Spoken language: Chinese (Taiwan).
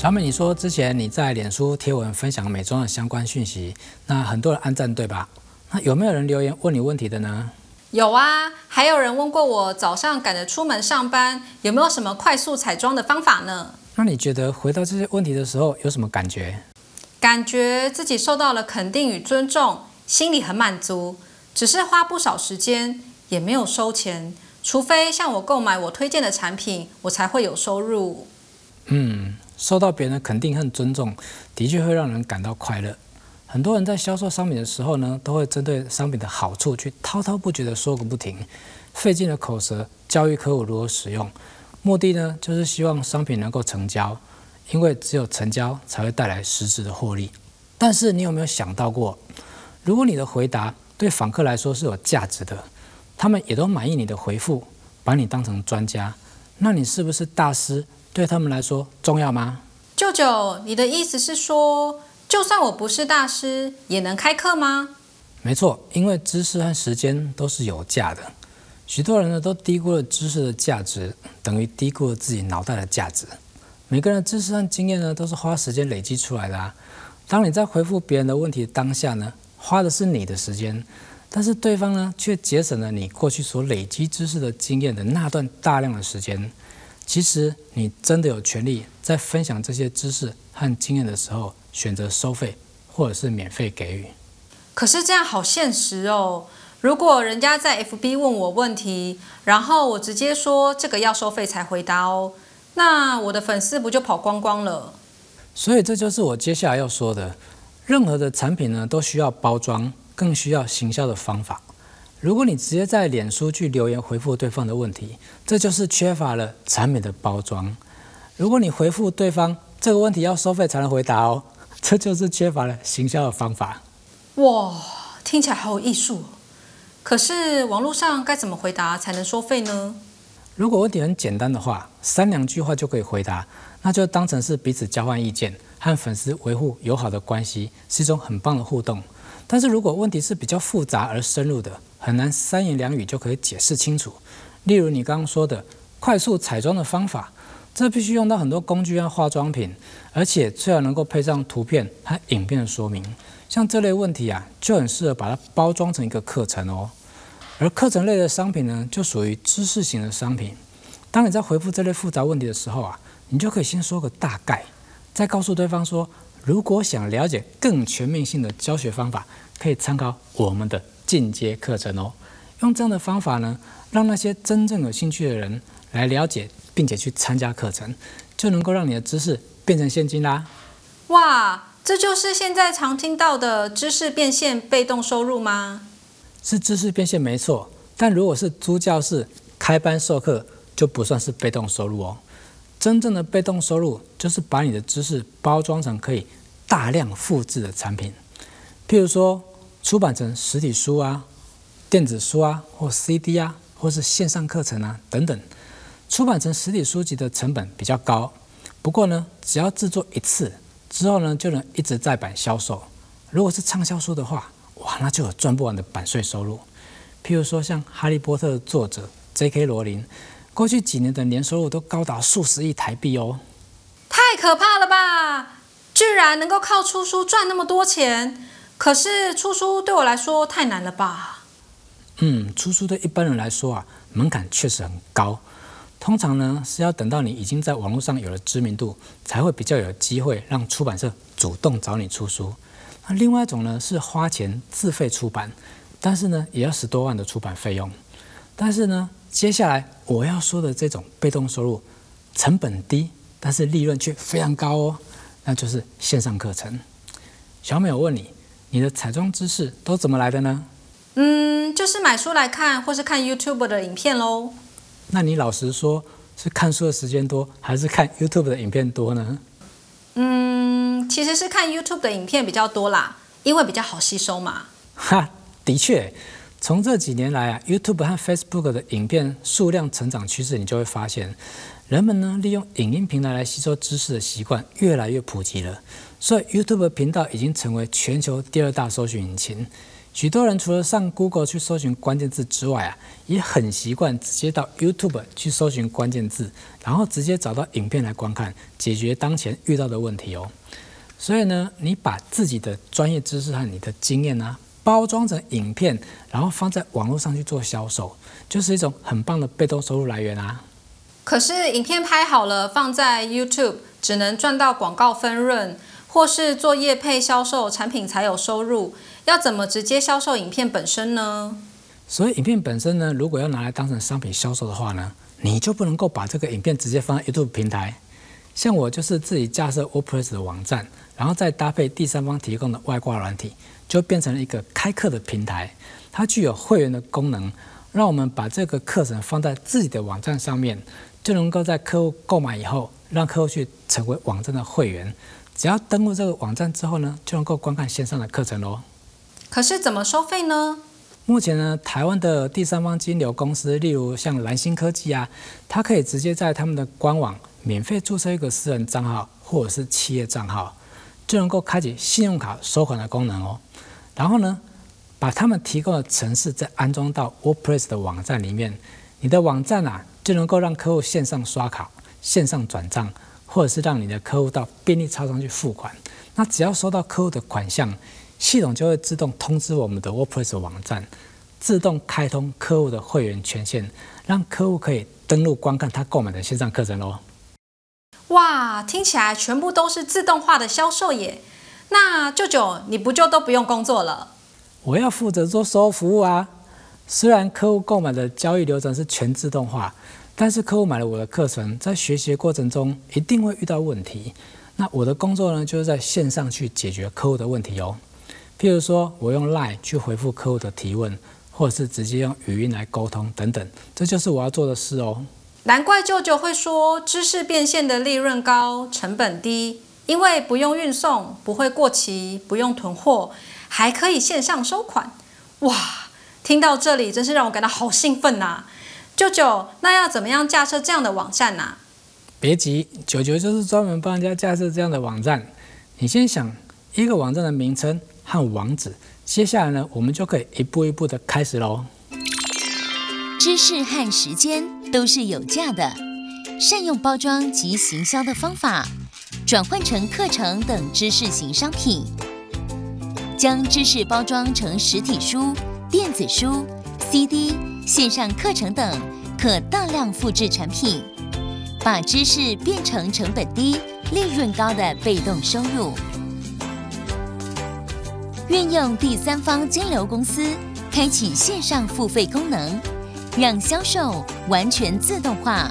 小美，你說之前你在臉書貼文分享美妝的相關訊息，那很多人按讚對吧？那有沒有人留言問你問題的呢？有啊，還有人問過我早上趕着出門上班，有沒有什麼快速彩妝的方法呢？那你覺得回答這些問題的時候有什麼感覺？感覺自己受到了肯定與尊重，心裡很滿足。只是花不少時間，也沒有收錢，除非向我購買我推薦的產品，我才會有收入。嗯。受到別人的肯定和尊重，的確會讓人感到快樂。很多人在銷售商品的時候呢，都會針對商品的好處去滔滔不絕地說個不停，費盡了口舌教育客戶如何使用，目的呢就是希望商品能夠成交，因為只有成交才會帶來實質的獲利。但是你有沒有想到過，如果你的回答對訪客來說是有價值的，他們也都滿意你的回覆，把你當成專家，那你是不是大師？對他們來說重要嗎？舅舅，你的意思是說，就算我不是大師，也能開課嗎？沒錯，因為知識和時間都是有價的。許多人呢都低估了知識的價值，等於低估了自己腦袋的價值。每個人的知識和經驗呢，都是花時間累積出來的啊。當你在回復別人的問題的當下呢，花的是你的時間，但是對方呢，卻節省了你過去所累積知識的經驗的那段大量的時間。其實你真的有權利在分享這些知識和經驗的時候選擇收費，或者是免費給予。可是這樣好現實哦！如果人家在 FB 問我問題，然後我直接說，這個要收費才回答哦，那我的粉絲不就跑光光了？所以這就是我接下來要說的，任何的產品呢都需要包裝，更需要行銷的方法。如果你直接在臉書去留言回復對方的問題，這就是缺乏了產品的包裝。如果你回復對方這個問題要收費才能回答哦，這就是缺乏了行銷的方法。哇，聽起來好有藝術。可是網絡上該怎麼回答才能收費呢？如果問題很簡單的話，三兩句話就可以回答，那就當成是彼此交換意見，和粉絲維護友好的關係，是一種很棒的互動。但是如果問題是比較複雜而深入的，很難三言兩語就可以解釋清楚。例如你剛剛說的快速彩妝的方法，這必須用到很多工具和化妝品，而且最好能夠配上圖片和影片的說明。像這類問題啊，就很適合把它包裝成一個課程哦。而課程類的商品呢，就屬於知識型的商品。當你在回復這類複雜問題的時候啊，你就可以先說個大概，再告訴對方說。如果想了解更全面性的教學方法，可以參考我們的進階課程哦。用這樣的方法呢，讓那些真正有興趣的人來了解並且去參加課程，就能夠讓你的知識變成現金啦。哇，這就是現在常聽到的知識變現被動收入嗎？是知識變現沒錯，但如果是租教室開班授課，就不算是被動收入哦。真正的被動收入就是把你的知識包裝成可以大量複製的產品，譬如說出版成實體書啊、電子書啊、或 CD 啊、或是線上課程啊等等。出版成實體書籍的成本比較高，不過呢，只要制作一次之後呢，就能一直再版銷售。如果是暢銷書的話，哇，那就有賺不完的版稅收入。譬如說像《哈利波特》的作者 J.K. 羅琳。過去幾年的年收入都高達數十億台幣哦，太可怕了吧！居然能夠靠出書賺那麼多錢，可是出書對我來說太難了吧？嗯，出書對一般人來說啊，門檻確實很高。通常呢，是要等到你已經在網絡上有了知名度，才會比較有機會讓出版社主動找你出書。那另外一種呢，是花錢自費出版，但是呢，也要十多萬的出版費用。但是呢，接下來我要說的這種被動收入，成本低，但是利潤卻非常高哦，那就是線上課程。小美，我問你，你的彩妝知識都怎麼來的呢？嗯，就是買書來看，或是看 YouTube 的影片咯。那你老實說，是看書的時間多，還是看 YouTube 的影片多呢？嗯，其實是看 YouTube 的影片比較多啦，因為比較好吸收嘛。哈，的確。從這幾年來啊，YouTube 和 Facebook 的影片數量成長趨勢，你就會發現，人們呢利用影音平台來吸收知識的習慣越來越普及了。所以 YouTube 頻道已經成為全球第二大搜尋引擎。許多人除了上 Google 去搜尋關鍵字之外啊，也很習慣直接到 YouTube 去搜尋關鍵字，然後直接找到影片來觀看，解決當前遇到的問題哦。所以呢，你把自己的專業知識和你的經驗啊。包裝成影片，然後放在網絡上去做銷售，就是一種很棒的被動收入來源啊。可是影片拍好了放在 YouTube，只能賺到廣告分潤，或是做業配銷售產品才有收入。要怎麼直接銷售影片本身呢？所以影片本身呢，如果要拿來當成商品銷售的話呢，你就不能夠把這個影片直接放在 YouTube 平台。像我就是自己架設 WordPress 的網站。然後再搭配第三方提供的外掛軟體，就變成了一個開課的平台。它具有會員的功能，讓我們把這個課程放在自己的網站上面，就能夠在客戶購買以後，讓客戶去成為網站的會員。只要登錄這個網站之後呢，就能夠觀看線上的課程嘍。可是怎麼收費呢？目前呢，台灣的第三方金流公司，例如像藍新科技啊，它可以直接在他們的官網免費註冊一個私人賬號或者是企業賬號。就能夠開啟信用卡收款的功能哦，然後呢，把他們提供的程式，再安裝到 WordPress 的網站裡面，你的網站啊，就能夠讓客戶線上刷卡、線上轉賬，或者是讓你的客戶到便利超商去付款。那只要收到客戶的款項，系統就會自動通知我們的 WordPress 網站，自動開通客戶的會員權限，讓客戶可以登錄觀看他購買的線上課程哦。哇，聽起來全部都是自動化的銷售耶！那舅舅，你不就都不用工作了？我要負責做售後服務啊。雖然客戶購買的交易流程是全自動化，但是客戶買了我的課程，在學習的過程中一定會遇到問題。那我的工作呢，就是在線上去解決客戶的問題哦。譬如說，我用 LINE 去回復客戶的提問，或者是直接用語音來溝通等等，這就是我要做的事哦。難怪舅舅會說知識變現的利潤高、成本低，因為不用運送、不會過期、不用囤貨，還可以線上收款。哇，聽到這裡真是讓我感到好興奮吶、啊！舅舅，那要怎麼樣架設這樣的網站呢、啊？別急，舅舅就是專門幫人家架設這樣的網站。你先想一個網站的名稱和網址，接下來呢，我們就可以一步一步的開始嘍。知識和時間。都是有價的，善用包裝及行銷的方法，轉換成課程等知識型商品，將知識包裝成實體書、電子書、CD、線上課程等可大量複製產品，把知識變成成本低、利潤高的被動收入。運用第三方金流公司，開啟線上付費功能。讓銷售完全自動化。